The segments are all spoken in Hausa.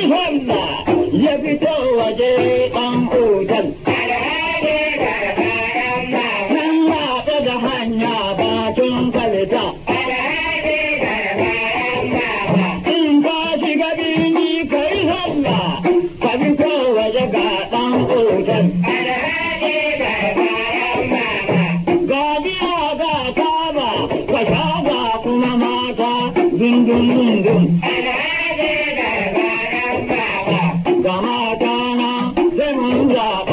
ifanda ya fito waje ɗan otal. Nan ba ta da hanya bakin kalita. In ka shiga birni ka fito waje ga ɗan otal. Ga biya ba kaba, ka kuma mata dundun dundun.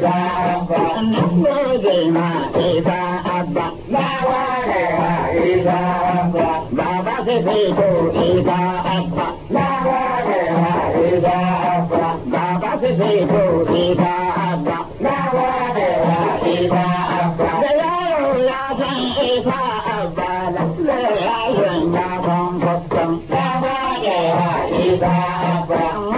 da abba mo ge ma e da abba ba? wa re ma e da abba baba se se ko e da abba na wa re ma baba se se ko e da abba na wa re ma e da abba de ya o ya san e da abba la le ya yan na kon ko san na wa re ma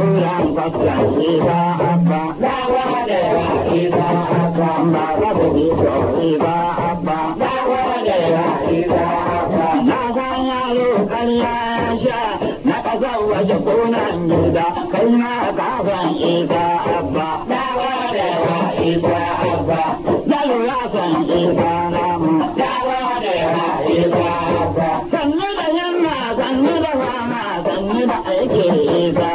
kullum kwasta ba abba na wada ba abba ba babu ni ba abba na wada ba abba na san yaro kalla sha na kaza waje kunan gida kai na kafan ita abba na wada ba ita abba na lura san ita mu. na wada ba ita abba sannu da yamma sannu da fama sannu da aiki ita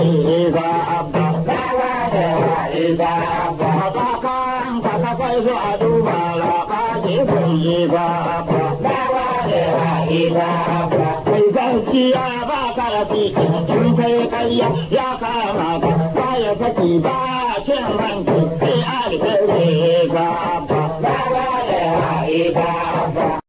إذا أبى إذا أبى فكان فكيف أدوب لقاتب إذا أبى إذا أبى إذا سيابا كرتي كنتم في قرية يا كامك بايا سكي باشر منك في آل إذا أبى إذا أبى